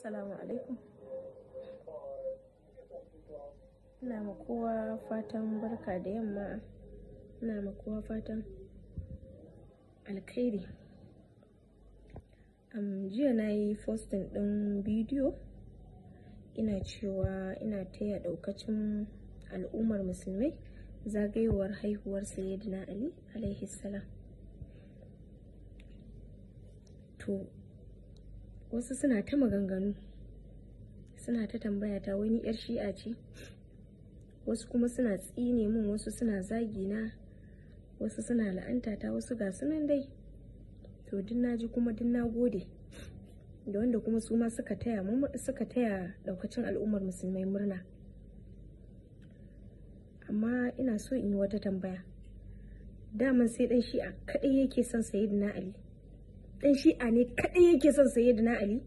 Assalamu alaikum. Ina ma kowa fatan barka da yamma. Ina ma kowa fatan alkhairi. Um, jiya na yi posting ɗin bidiyo ina cewa ina taya ɗaukacin al'ummar musulmai zagayowar haihuwar sayyidina Ali alaihi salam. wasu suna ta maganganu suna ta tambaya ta wani yar shi'a ce wasu kuma suna tsine min wasu suna zagi na wasu suna la'anta ta wasu ga sunan dai to din na ji kuma din na gode da wanda kuma su ma suka taya suka taya daukacin al'ummar musulmai murna amma ina so in yi wata tambaya daman sai dan shi'a kaɗai yake son sayyidina ali dan shi'a ne kaɗai yake son saye da na ali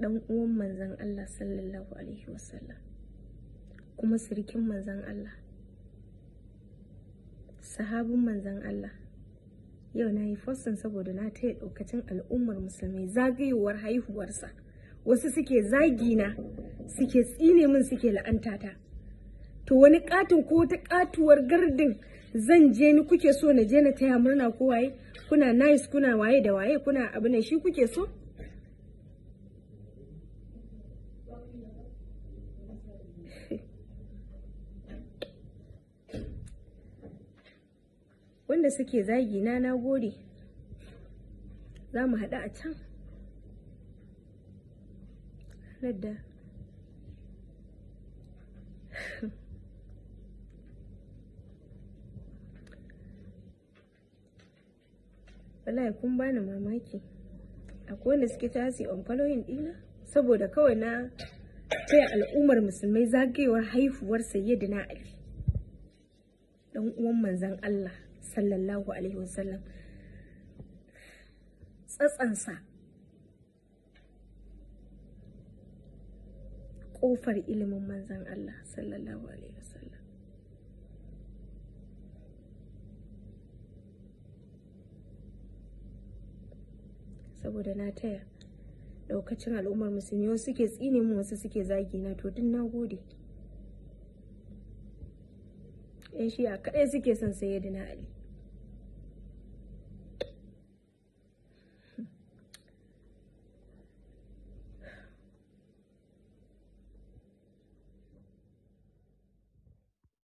dan hmm. uwan manzan Allah sallallahu alaihi wasallam kuma sirkin manzan Allah sahabin manzan Allah yau na yi fossin saboda na taya ɗaukacin al'ummar musulmi zagayowar haihuwarsa wasu suke zagina suke tsine min suke la'antata to wani katin ko wata katuwar gardin zan je ni kuke so na je na taya murna ko waye kuna nice kuna waye da waye kuna abu ne shi kuke so wanda suke zagina na gode za mu haɗu a can Dadah. wallahi kun bani mamaki akwai wanda suke tasi on following dina saboda kawai na taya al'ummar musulmai zagayewar haifuwar sayyidina ali dan uwan manzan Allah sallallahu alaihi wasallam tsatsansa ƙofar ilimin manzan Allah sallallahu alaihi wasallam saboda na taya daukacin al'ummar musulmi wasu suke tsine mu wasu suke zagi na to din na gode yan a kaɗai suke son da na ali